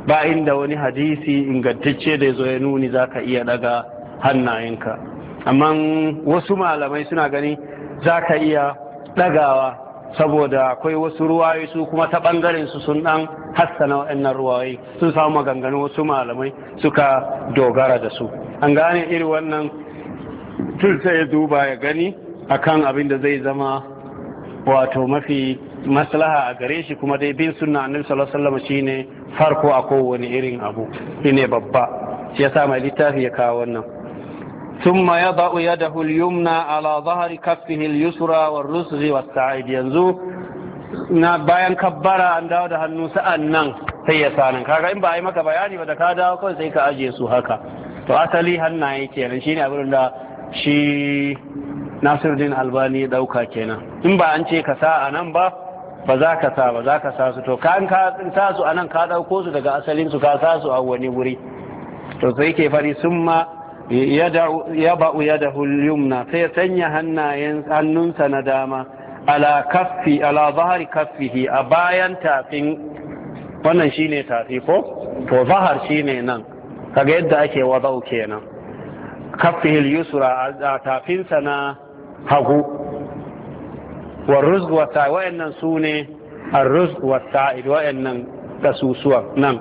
ba inda wani hadisi ingantacce da zo ya nuni za ka iya daga hannayenka amma wasu malamai suna gani za ka iya dagawa saboda akwai wasu ruwaye su kuma ta bangaren su sun dan hassana wa'annan ruwayi sun samu maganganu wasu malamai suka dogara da su an gane irin wannan tun ya duba ya gani akan abin da zai zama wato mafi maslaha a gare shi kuma dai bin sunna annabi sallallahu alaihi wasallam shine farko a kowane irin abu shine babba shi yasa mai littafi ya kawo wannan ثم يضع يده اليمنى على ظهر كفه wa والرسغ sa'id yanzu na bayan kabbara an dawo da hannu sa'an nan sai ya sanin kaga in ba a yi maka bayani ba da ka dawo kawai sai ka ajiye su haka to asali hannaye kenan shine abin da shi nasir din albani ya dauka kenan in ba an ce ka sa a nan ba ba za ka sa ba za ka sa su to ka ka sa su a nan ka dauko su daga asalin su ka sa su a wani wuri to sai ke fari sun ma ya ba'u ya da yumna sai ya sanya hannayen hannunsa na dama ala kaffi ala zahari kaffihi a bayan tafin wannan shine tafi ko to zahar shine nan kaga yadda ake wadau kenan kaffihi yusra a tafinsa na hagu warruz wata wa'annan su ne arruz wata wa'annan kasusuwan nan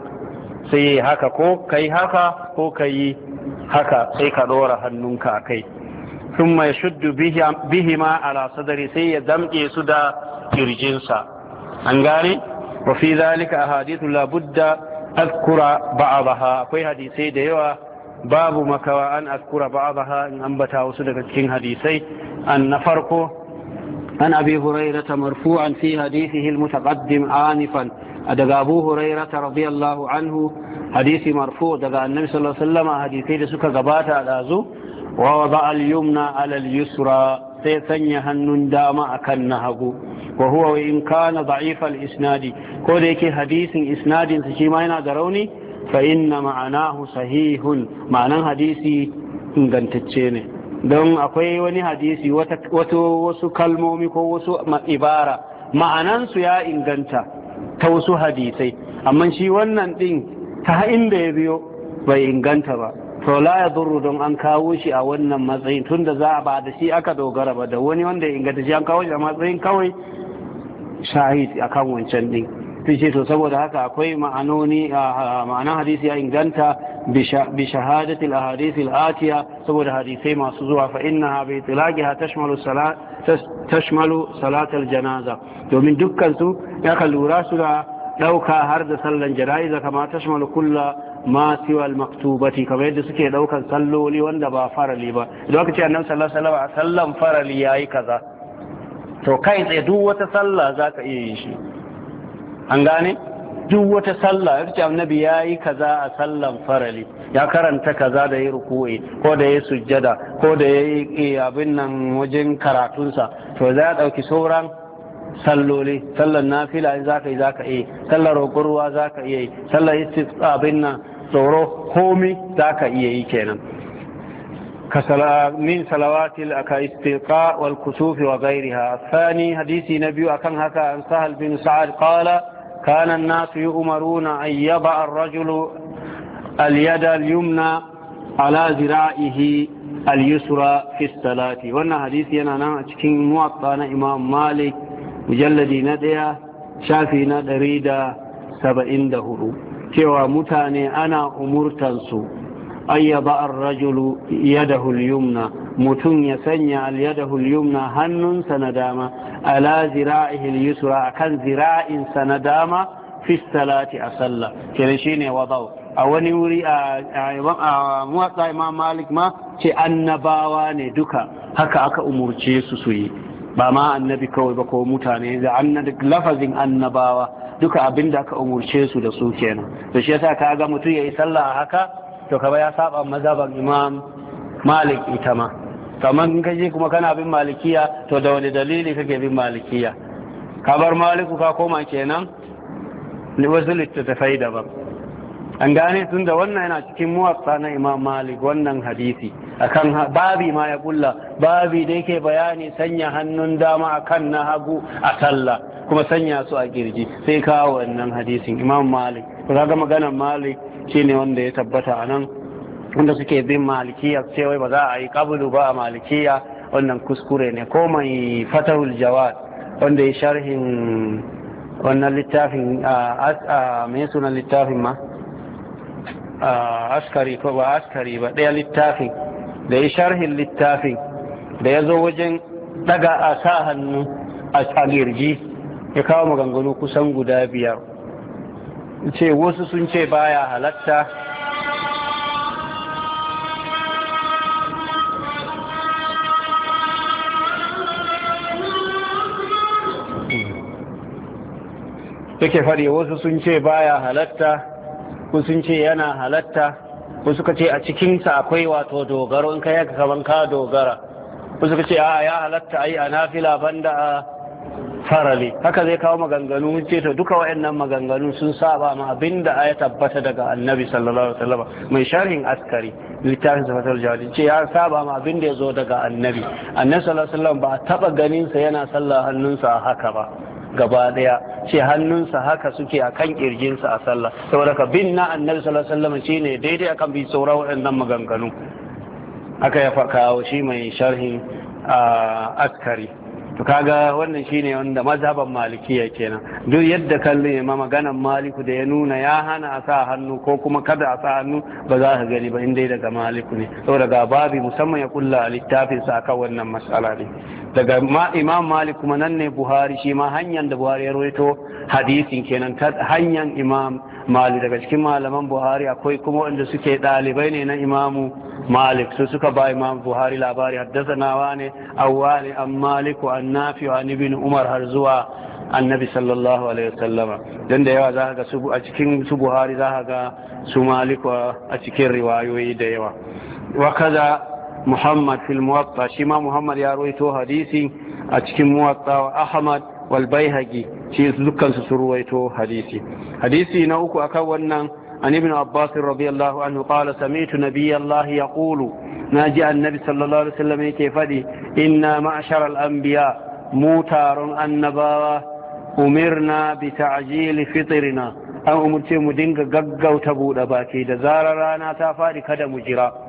sai yi haka ko ka yi haka ko ka yi haka sai ka dora hannunka a kai Tun mai shuddu bihima ala sadari sai ya damke su da kirjinsa an gane wa fi zalika a hadithu labudda akwai hadisai da yawa babu makawa an askura ba'daha in ambata wasu daga cikin hadisai an na farko an abi hurairata marfu'an fi hadisihi almutaqaddim anifan daga abu hurairata radiyallahu anhu hadisi marfu daga annabi sallallahu alaihi wasallam hadisai da suka gabata a dazu wa wada al-yumna ala al-yusra sai sanya hannun dama akan na hagu wa huwa in kana da'if al-isnadi ko da yake hadisin isnadin shi ma yana da rauni fa inna ma'anahu sahihun ma'anan hadisi ingantacce ne don akwai wani hadisi wato wasu kalmomi ko wasu ibara ma'anansu ya inganta ta wasu hadisai amma shi wannan din ta inda ya biyo bai inganta ba to la ya duru don an kawo shi a wannan matsayin tun za a ba da shi aka dogara ba da wani wanda ya inganta shi an kawo shi a matsayin kawai shahid kan wancan din to saboda haka akwai ma'anoni ma'anan hadisi ya inganta bi shahadati al-ahadith al-atiya saboda hadisai masu zuwa fa innaha bi tilaqiha tashmalu salat tashmalu salat al-janaza domin dukkan su ya ka lura su ga dauka har da sallan jana'iza kama tashmalu kulla ma siwa al-maktubati kamar yadda suke daukan salloli wanda ba farali ba idan aka ce annabi sallallahu alaihi wasallam farali yayi kaza to kai tsaye duk wata sallah zaka iya yin shi an gane duk wata sallah ya fice annabi ya yi kaza a sallan farali ya karanta kaza da ya rukuwe ko da ya sujjada ko da ya yi eh, abin nan wajen karatunsa to za ya ɗauki sauran salloli sallan nafila za zaka yi ka yi sallar roƙon ruwa zaka iya yi sallar abin nan tsoro komi zaka iya yi kenan من صلوات كاستلقاء والكسوف hadisi na na biyu akan haka an sahal bin sa'ad قال كان الناس يؤمرون أن يضع الرجل اليد اليمنى على ذراعه اليسرى في الصلاة وانا حديث ينانا اتكين موطانا امام مالك مجلدي نديا شافي ندريدا سبعين دهرو cewa mutane ana umurtansu ayyaba ar-rajulu yadahu al-yumna mutum ya sanya al-yadahu al-yumna sa na dama ala zira'ihi al-yusra akan sa na dama fi salati a sallah kenan shine wadau a wani wuri a muwatsa imam malik ma ce annabawa ne duka haka aka umurce su su yi ba ma annabi kawai ba ko mutane da lafazin annabawa duka abinda aka umurce su da su kenan to shi yasa ka ga mutum ya yi sallah haka to kaba ya saba mazhaban imam malik ita ma kamar in kaje kuma kana bin malikiya to da wani dalili kake bin malikiya ka bar maliku ka koma kenan wasu littattafai daban an gane sun da wannan yana cikin muwatsa na imam malik wannan hadisi akan babi ma ya kulla babi da yake bayani sanya hannun dama akan na hagu a sallah kuma sanya su a kirji sai kawo wannan hadisin imam malik to ga maganar malik shine wanda ya tabbata a nan wanda suke bin malikiya cewa ba za a yi kabulu ba a malikiya wannan kuskure ne ko mai fatahul jawad wanda ya sharhin wannan littafin a mai sunan littafin ma a askari ko ba askari ba ɗaya littafin da ya sharhin littafin da ya zo wajen daga a sa hannu a girji ya kawo maganganu kusan guda biyar ce wasu sun ce baya halatta take fari wasu sun ce baya halatta ku sun ce yana halatta ko suka ce a cikinsa akwai wato dogaro in ka yaka kaman ka dogara ko suka ce a ya halatta ai a nafila banda a farali haka zai kawo maganganu mun ce to duka waɗannan maganganu sun saba ma abinda ya tabbata daga annabi sallallahu alaihi wasallam mai sharhin askari littafin safatul jawadi ce ya saba ma abinda ya daga annabi annabi sallallahu alaihi wasallam ba taba ganin sa yana sallah hannunsa haka ba gaba daya ce hannunsa haka suke a kan kirjinsa a sallah saboda ka bin na annabi sallallahu alaihi wasallam shine daidai akan bi saura waɗannan maganganu aka ya kawo shi mai sharhin ah, askari to kaga wannan shine wanda mazhaban malikiya kenan duk yadda kallon ma maganan maliku da ya nuna ya hana a sa hannu ko kuma kada a sa hannu ba za ka gani ba in dai daga maliku ne saboda ga babi musamman ya kulla littafin sa akan wannan mas'ala ne daga ma imam malik kuma nan ne buhari shi ma hanyar da buhari ya roito hadisin kenan ta hanyar imam malik daga cikin malaman buhari akwai kuma wanda suke dalibai ne na imamu malik su suka ba imam buhari labari haddasanawa ne ne an malik wa annafi wa ibn umar har zuwa annabi sallallahu alaihi wasallama dan da yawa zaka ga su a cikin su buhari zaka ga su malik a cikin riwayoyi da yawa wa kaza muhammad fil muwatta shi ma muhammad ya ruwaito hadisi a cikin muwatta wa ahmad wal baihaqi shi dukkan su ruwaito hadisi hadisi na uku akan wannan عن ابن عباس رضي الله عنه قال سمعت نبي الله يقول ناجي النبي صلى الله عليه وسلم يكفدي إنا معشر الأنبياء موتار النبا أمرنا بتعجيل فطرنا أو أمرتي مدنك ققو تبود باكي دزار رانا تافاري كدم جراء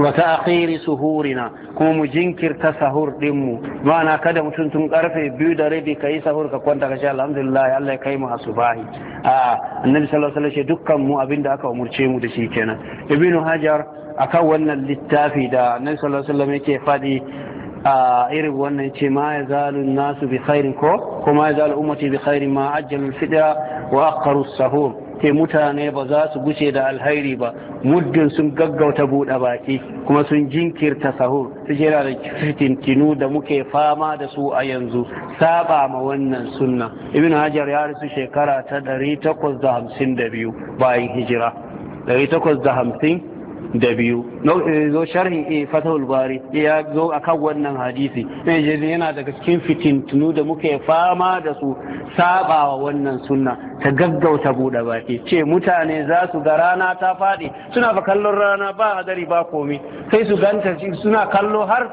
wa ta'khiri suhurina kuma mu jinkirta sahur din mu ma'ana kada mutum tun karfe biyu da rabi kai sahur ka kwanta ka ce alhamdulillah Allah ya kai mu asubahi a annabi sallallahu alaihi wasallam dukkan mu abinda aka umurce mu da shi kenan ibnu hajar akan wannan littafi da annabi sallallahu alaihi wasallam yake fadi a irin wannan ce ma ya zalu nasu bi khairin ko kuma ya zalu bi khairin ma ajjalu fitra wa aqaru ce mutane ba za su gushe da alhairi ba muddin sun gaggauta buɗe baki kuma sun jinkirta sahur su jira da fitintinu da muke fama da su a yanzu saba ma wannan sunna ibn hajar ya rasu shekara ta 852 bayan hijira hamsin. da biyu eh, zo sharhin eh, fatahul bari ya zo a kan wannan hadisi eh, yana daga cikin fitintunu da muke fama da su sabawa wannan sunna ta gaggauta buɗe baki ce mutane za su ga rana ta faɗi suna fa kallon rana ba hadari ba komi sai su ganta suna kallo har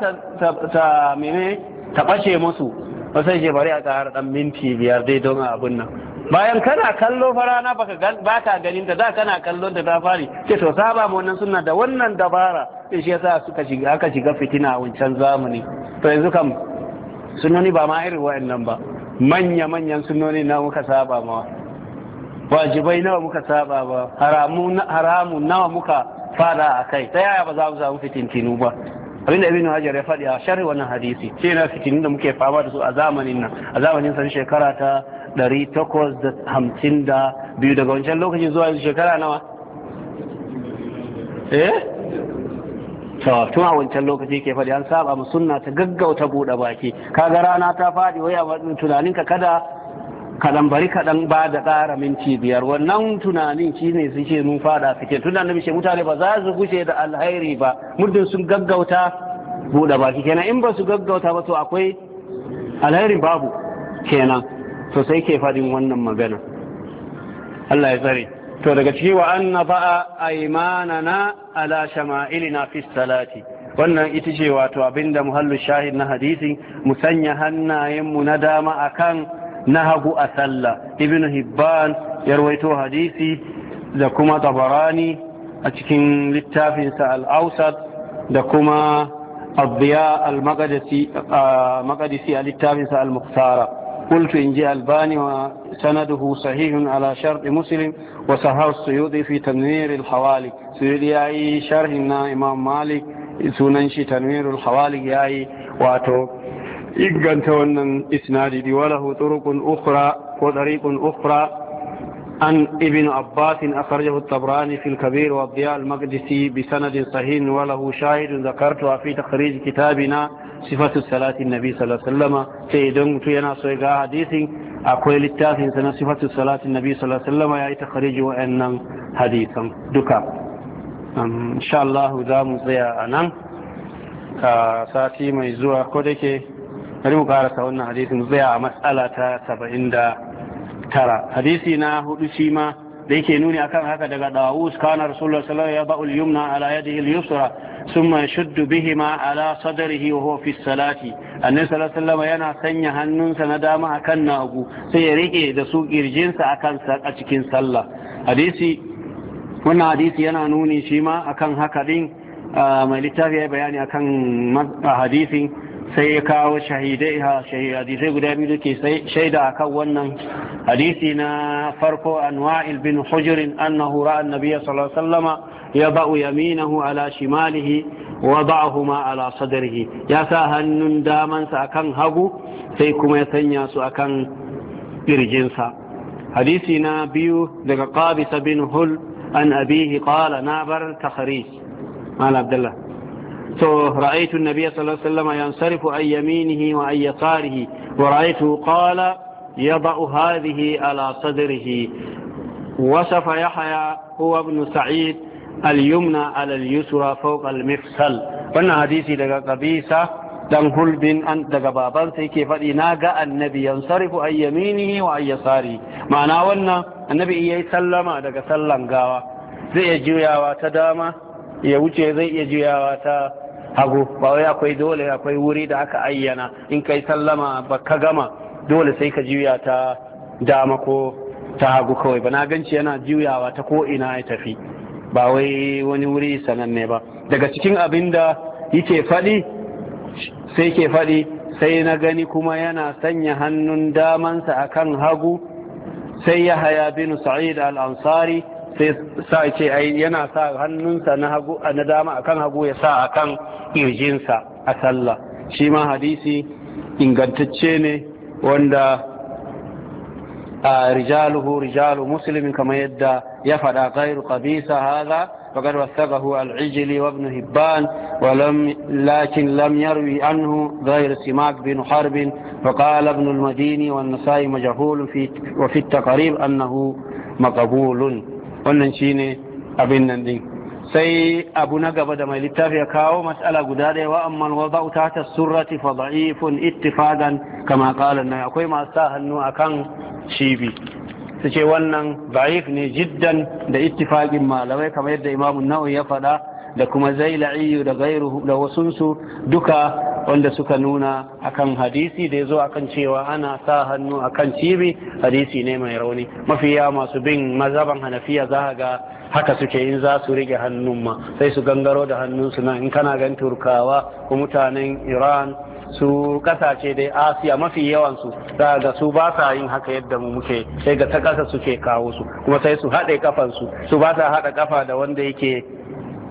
ta mene ta ɓace musu wasu ke bari a tsara ɗan minti biyar dai don abin nan bayan kana kallo farana ba ka ganin ta da kana kallon ta ta fari ce to saba mu wannan suna da wannan dabara sai shi yasa suka shiga aka shiga fitina a wancan zamani to yanzu kam sunnoni ba ma irin wa'annan ba manya manyan sunnoni na muka saba ma wajibai nawa muka saba ba haramu nawa muka fada a kai ta yaya ba za mu samu fitintinu ba Abin da ibnu hajar ya faɗi a sharhi wannan hadisi sai na fitinin da muke fama da su a zamanin nan a zamanin san shekara ta 852 daga wancan lokacin zuwa yanzu shekara nawa eh to tun a wancan lokaci ke faɗi an saba mu sunna ta gaggauta buɗe baki kaga rana ta faɗi wai a tunaninka kada kadan bari kadan ba da ƙara minti biyar wannan tunanin shi ne su ce mun fada suke tunan da mutane ba za su gushe da alhairi ba muddin sun gaggauta buɗe baki kenan in ba su gaggauta ba to akwai alhairin babu kenan to sai ke faɗin wannan magana Allah ya tsare to daga ciki wa an na fa'a aimanana ala shama'ilina fi salati wannan ita ce wato abinda muhallu shahid na hadisi mu sanya hannayenmu na dama akan na hagu a sallah ibn hibban ya rawaito hadisi da kuma tabarani a cikin littafinsa al-ausat da kuma abdiya al-maqdisi a littafinsa al-muqtara qultu inji albani wa sanaduhu sahihun ala shart muslim wa sahar suyudi fi tanwir al-hawali suyudi yayi sharhin na imam malik sunan shi tanwir al-hawali yayi wato inganta wannan isnadi diwala hutarukun ukura ko ɗariƙun ukura an ibn abbasin a karjar hutabrani fil kabir wa biya al-magdisi bi sanadin sahin wala hu shahidun zakarta a fi kitabi na sifatun salatin nabi sallallahu sai idan mutum yana so ga hadisin akwai littafinsa na sifatun salatin nabi sallallahu ya yi takarir wa yannan hadisan duka insha Allah za tsaya a nan ka sati mai zuwa ko dake bari mu karasa wannan hadisin tsaya a matsala ta saba'in da tara hadisi na hudu shi ma da yake nuni akan haka daga dawus kana rasulullah sallallahu alaihi wasallam ya yumna ala yadihi al-yusra thumma yashuddu bihima ala sadrihi wa huwa fi salati annabi sallallahu alaihi wasallam yana sanya hannunsa na dama akan nagu sai ya rike da su kirjinsa akan sa a cikin sallah hadisi wannan hadisi yana nuni shi ma akan haka din ah, mai littafi ya bayani akan hadisin sai ya kawo shahidai ha hadisai guda biyu ke shaida a kan wannan hadisi na farko an wa'il bin hujurin annahu ra'a annabiya sallallahu sallama ya ba'u yaminahu ala shimalihi wa ba'ahuma ala sadrihi ya sa hannun damansa akan hagu sai kuma ya sanya su akan kirjinsa hadisi na biyu daga qabisa bin hul an abihi qala na bar takhrij abdullah so ra'aytu an-nabiy sallallahu alaihi wasallam yansarifu an yaminihi wa an yasarihi wa ra'aytu qala yada'u hadhihi ala sadrihi وصف يحيى هو ابن سعيد اليمنى على اليسرى فوق المفصل wannan hadisi daga kabisa dan hulbin an daga baban sai ke faɗi na ga annabi yansarifu an yaminihi wa an yasari ma'ana wannan annabi yayi sallama daga sallan gawa zai iya juyawa ta dama ya wuce zai iya juyawa ta hagu ba wai akwai dole akwai wuri da aka ayyana in kai sallama ba ka gama dole sai ka juya ta dama ko ta hagu kawai ba na ganci yana juyawa ta ko ina ya tafi ba wai wani wuri sananne ba daga cikin abin da yake faɗi sai ke faɗi sai na gani kuma yana sanya hannun damansa akan hagu sai ya haya bin sa'id al-ansari sai ai yana sa hannunsa na hagu na dama akan hagu ya sa akan kirjinsa a sallah shi ma hadisi ingantacce ne wanda a rijaluhu rijalu muslimin kamar yadda ya faɗa ghairu qabisa hadha faqad wasaqahu al-ijli wa ibn hibban lakin lam yarwi anhu ghairu simak bin harb wa qala ibn al-madini wa an-nasai majhul fi wa fi at-taqrib annahu مقبول wannan shi ne abin nan din sai abu na gaba da mai littafi ya kawo matsala guda da yawa amma ba ta ta surrati fa da'ifun ittifadan kama qala nan akwai masu sa hannu akan shibi su ce wannan da'if ne jiddan da ittifaqin malamai kamar yadda imamun nawawi ya faɗa da kuma la'iyu da gairu da wasunsu duka wanda suka nuna akan hadisi da ya zo akan cewa ana sa hannu akan cibi hadisi ne mai rauni mafi mafiya masu bin mazaban hanafiya za ga haka suke in za su rige hannun ma sai su gangaro da hannunsu na in kana gan turkawa ko mutanen iran su kasashe dai asiya mafi yawansu za ga su ba sa yin haka yadda mu muke sai ga ta kasa suke kawo su kuma sai su haɗe kafansu su ba sa haɗa kafa da wanda yake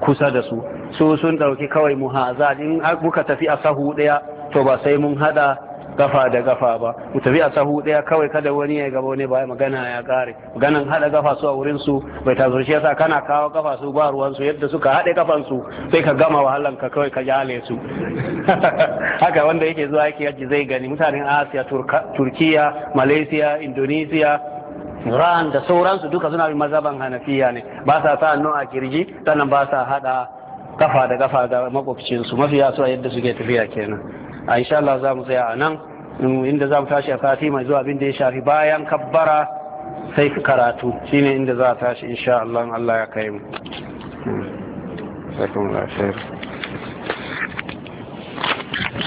kusa da su su sun ɗauki kawai muhaza in muka tafi a sahu ɗaya to ba sai mun haɗa gafa da gafa ba mu tafi a sahu ɗaya kawai kada wani ya gaba wani ba magana ya ƙare maganan haɗa gafa su a wurin su bai tazo shi yasa kana kawo gafa su ba ruwan su yadda suka haɗe gafan su sai ka gama wahalan ka kawai ka jale su haka wanda yake zuwa yake yaji zai gani mutanen asiya turkiya malaysia indonesia ran da sauransu duka suna bin mazhaban hanafiya ne ba sa sa hannu a kirji sannan ba sa hada kafa da kafa da makwabcinsu yasu a yadda suke tafiya kenan a insha Allah za mu tsaya a nan inda za mu tashi a sati mai zuwa abin da ya shafi bayan kabbara sai karatu shine inda za a tashi insha Allah Allah ya kai mu hmm.